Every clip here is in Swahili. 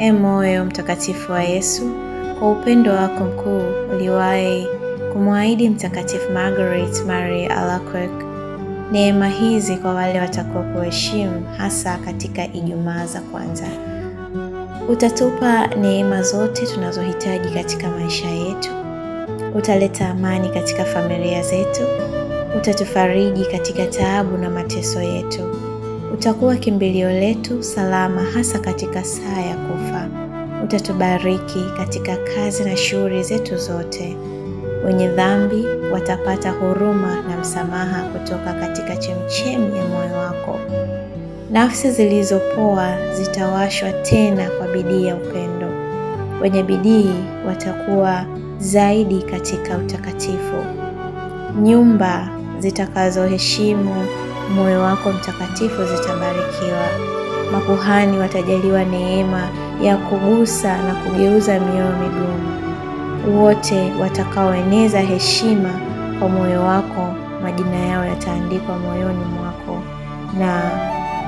E moyo mtakatifu wa Yesu, kwa upendo wako mkuu uliwahi kumwahidi Mtakatifu Margaret Mary Alacoque neema hizi kwa wale watakuwa kuheshimu, hasa katika Ijumaa za kwanza. Utatupa neema zote tunazohitaji katika maisha yetu, utaleta amani katika familia zetu, utatufariji katika taabu na mateso yetu Utakuwa kimbilio letu salama, hasa katika saa ya kufa. Utatubariki katika kazi na shughuli zetu zote. Wenye dhambi watapata huruma na msamaha kutoka katika chemchemi ya moyo wako. Nafsi zilizopoa zitawashwa tena kwa bidii ya upendo. Wenye bidii watakuwa zaidi katika utakatifu. Nyumba zitakazoheshimu moyo wako mtakatifu zitabarikiwa. Makuhani watajaliwa neema ya kugusa na kugeuza mioyo migumu. Wote watakaoeneza heshima kwa moyo wako, majina yao yataandikwa moyoni mwako na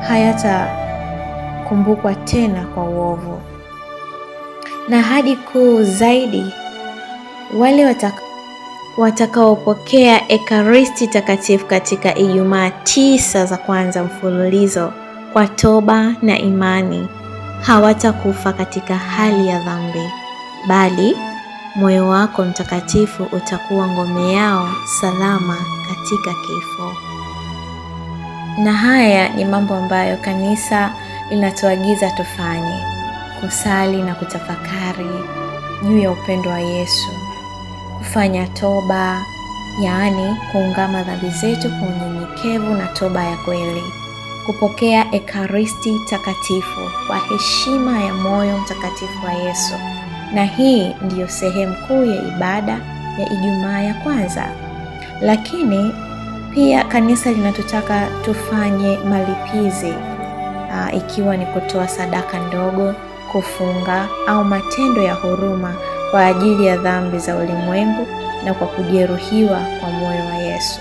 hayatakumbukwa tena kwa uovu. Na hadi kuu zaidi, wale wataka watakaopokea Ekaristi Takatifu katika Ijumaa tisa za kwanza mfululizo kwa toba na imani hawatakufa katika hali ya dhambi, bali moyo wako mtakatifu utakuwa ngome yao salama katika kifo. Na haya ni mambo ambayo kanisa linatuagiza tufanye: kusali na kutafakari juu ya upendo wa Yesu kufanya toba, yaani kuungama dhambi zetu kwa unyenyekevu na toba ya kweli, kupokea Ekaristi Takatifu kwa heshima ya moyo mtakatifu wa Yesu. Na hii ndiyo sehemu kuu ya ibada ya Ijumaa ya kwanza. Lakini pia kanisa linatutaka tufanye malipizi aa, ikiwa ni kutoa sadaka ndogo, kufunga au matendo ya huruma kwa ajili ya dhambi za ulimwengu na kwa kujeruhiwa kwa moyo wa Yesu.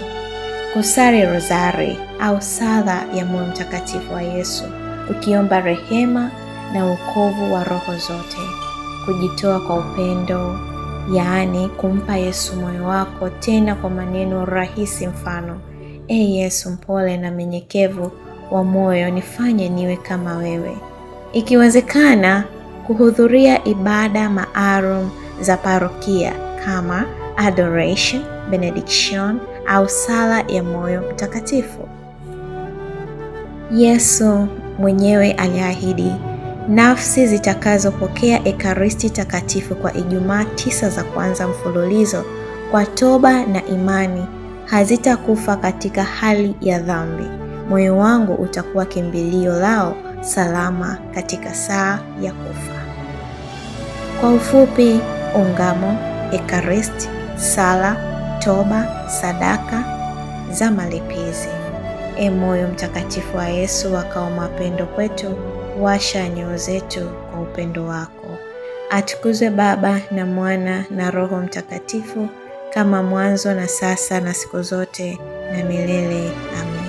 Kusali rozari au sala ya moyo mtakatifu wa Yesu, ukiomba rehema na wokovu wa roho zote. Kujitoa kwa upendo, yaani kumpa Yesu moyo wako, tena kwa maneno rahisi, mfano E Yesu mpole na mnyenyekevu wa moyo, nifanye niwe kama wewe. Ikiwezekana, kuhudhuria ibada maalum za parokia kama adoration, benediction au sala ya moyo mtakatifu. Yesu mwenyewe aliahidi nafsi zitakazopokea Ekaristi takatifu kwa Ijumaa tisa za kwanza mfululizo kwa toba na imani hazitakufa katika hali ya dhambi. Moyo wangu utakuwa kimbilio lao salama katika saa ya kufa. Kwa ufupi ungamo, ekaristi, sala, toba, sadaka za malipizi. E moyo mtakatifu wa Yesu, wakao mapendo kwetu, washa nyoyo zetu kwa upendo wako. Atukuzwe Baba na Mwana na Roho Mtakatifu, kama mwanzo na sasa na siku zote na milele. Amen.